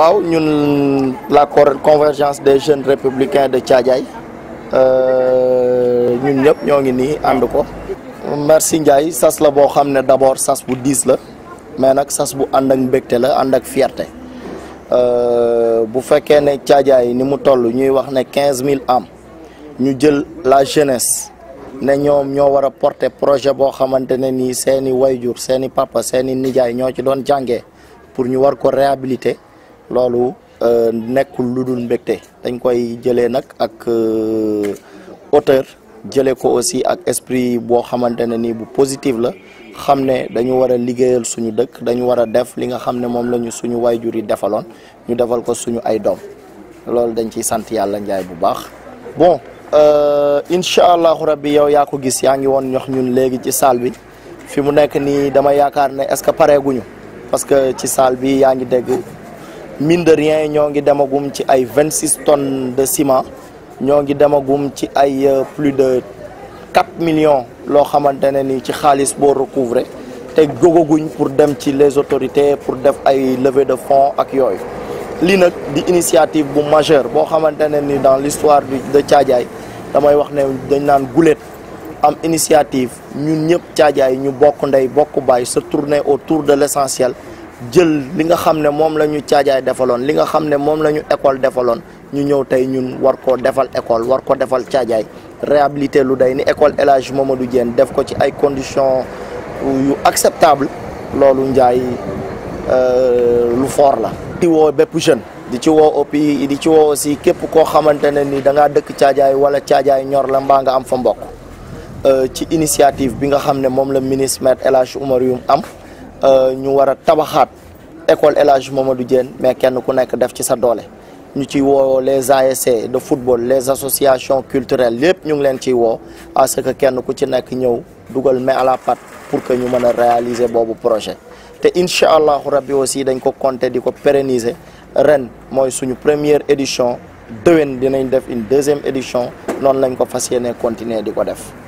waaw ñun la convergence des jeunes républicains de euh ñun ñep ñogi ni and ko merci ndjay sas la bo xamne d'abord sas bu 10 la mais nak sas bu and ak mbégte la and ak fierté euh, bu fekkee ne ni mu toll ñuy wax ne 15.000 am ñu jël la jeunesse ne ñom ño wara porter projet bo xamante ne seeni wayjur seeni papa seeni nijaay ño ci doon jangé pour ñu war ko réhabiliter loolu euh, nekkul lu dul mbégte dañ koy jëlee nag ak euh, hauteur jëlee ko aussi ak esprit boo xamante ne nii bu positif la xam ne dañu war a liggéeyal suñu dëkk dañu war a def li nga xam ne moom lañu suñu waajur yi defaloon ñu defal ko suñu ay doom loolu dañ ciy sant yàlla njaay bu baax bon euh, incha allahu rabbi yow yaa ko gis yaa ngi woon ñox ñun léegi ci salle bi fi mu nekk nii dama yaakaar ne est-ce que pareeguñu parce que ci salle bi yaa ngi dégg mine de rien ñoo ngi demagum ci ay 26 tonnes de ciment ñoo ngi demagum ci ay euh, plus de 4 millions lo xamantene ni ci xaalis bo recouvrer Té gogoguñ pour dem ci les autorités pour def ay levée de fonds ak yoy li nak di initiative bu majeure bo xamantene ni dans l'histoire de Thiadiaye damay wax né dañ naan goulette am initiative ñun ñëpp Thiadiaye ñu bokk ndey bokk bay se tourner autour de l'essentiel jël li nga xam ne moom la ñu caajaay defaloon li nga xam ne moom la ñu école defaloon ñu ñëw tey ñun war koo defal école war ko defal caajaay réabilité lu day ni école El Hadj Mamadou Diène def ko ci ay conditions yu acceptable loolu njaay euh, lu foor la. di woo bépp jeune. di ci woo OPI di ci woo aussi képp koo xamante ne ni da ngaa dëkk caajaay wala caajaay ñor la mbaa nga am fa mbokk euh, ci initiative bi nga xam ne moom la ministre maître El Hadj Oumar am. Euh, ñu war a école El Mamadou Diène mais kenn ku nek def ci sa doole ñu ci wo les ASC de football les associations culturelles yépp ñu ngi leen ci wo à ce que kenn ku ci nek ñëw duggal mais à la pâte pour que ñu mën réaliser boobu projet te incha allahu rabbi aussi dañ ko compter di pérenniser ren mooy suñu première édition déwén dinañ def une deuxième édition Non lañ ko fas continuer di ko def